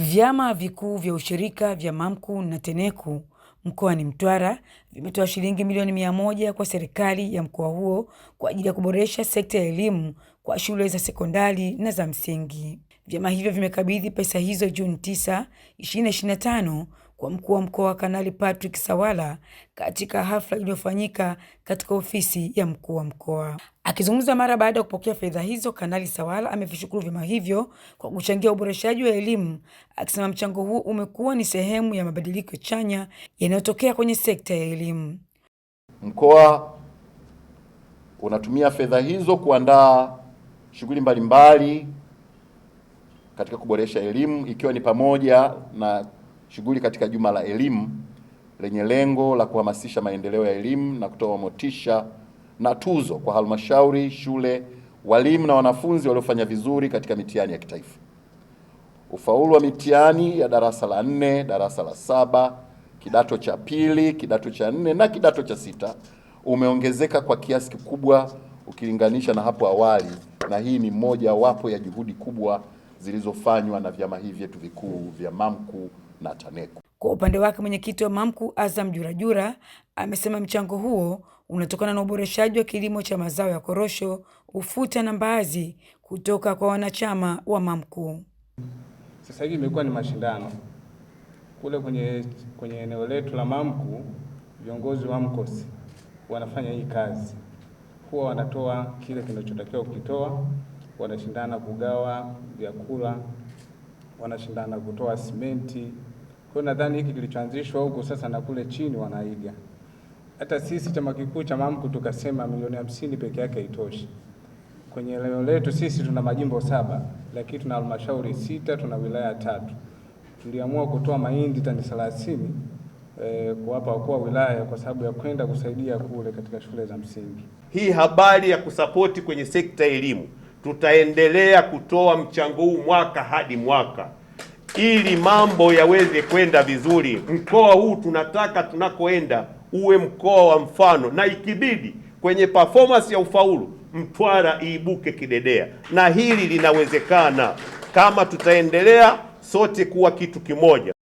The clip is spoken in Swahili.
Vyama vikuu vya ushirika vya MAMCU na mkoa mkoani Mtwara vimetoa shilingi milioni mia moja kwa serikali ya mkoa huo kwa ajili ya kuboresha sekta ya elimu kwa shule za sekondari na za msingi. Vyama hivyo vimekabidhi pesa hizo Juni 9, 2025 kwa mkuu wa mkoa Kanali Patrick Sawala katika hafla iliyofanyika katika ofisi ya mkuu wa mkoa. Akizungumza mara baada ya kupokea fedha hizo, Kanali Sawala amevishukuru vyama hivyo kwa kuchangia uboreshaji wa elimu, akisema mchango huu umekuwa ni sehemu ya mabadiliko chanya yanayotokea kwenye sekta ya elimu. Mkoa unatumia fedha hizo kuandaa shughuli mbalimbali katika kuboresha elimu ikiwa ni pamoja na shughuli katika juma la elimu lenye lengo la kuhamasisha maendeleo ya elimu na kutoa motisha na tuzo kwa halmashauri, shule, walimu na wanafunzi waliofanya vizuri katika mitihani ya kitaifa. Ufaulu wa mitihani ya darasa la nne, darasa la saba, kidato cha pili, kidato cha nne na kidato cha sita umeongezeka kwa kiasi kikubwa ukilinganisha na hapo awali, na hii ni moja wapo ya juhudi kubwa zilizofanywa na vyama hivi vyetu vikuu vya MAMCU na TANECU. Kwa upande wake mwenyekiti wa MAMCU Azam Jurajura amesema mchango huo unatokana na uboreshaji wa kilimo cha mazao ya korosho, ufuta na mbaazi kutoka kwa wanachama wa MAMCU. Sasa hivi imekuwa ni mashindano kule kwenye kwenye eneo letu la MAMCU, viongozi wa mkosi wanafanya hii kazi, huwa wanatoa kile kinachotakiwa kukitoa, wanashindana kugawa vyakula, wanashindana kutoa simenti kwa nadhani hiki kilichoanzishwa huko sasa na kule chini wanaiga. Hata sisi chama kikuu cha MAMCU tukasema milioni hamsini peke yake haitoshi. Kwenye eneo letu sisi tuna majimbo saba, lakini tuna halmashauri sita, tuna wilaya tatu. Tuliamua kutoa mahindi tani 30 eh, kuwapa wakuu wa wilaya kwa sababu ya kwenda kusaidia kule katika shule za msingi. Hii habari ya kusapoti kwenye sekta ya elimu tutaendelea kutoa mchango huu mwaka hadi mwaka ili mambo yaweze kwenda vizuri. Mkoa huu tunataka tunakoenda uwe mkoa wa mfano, na ikibidi kwenye performance ya ufaulu Mtwara iibuke kidedea, na hili linawezekana kama tutaendelea sote kuwa kitu kimoja.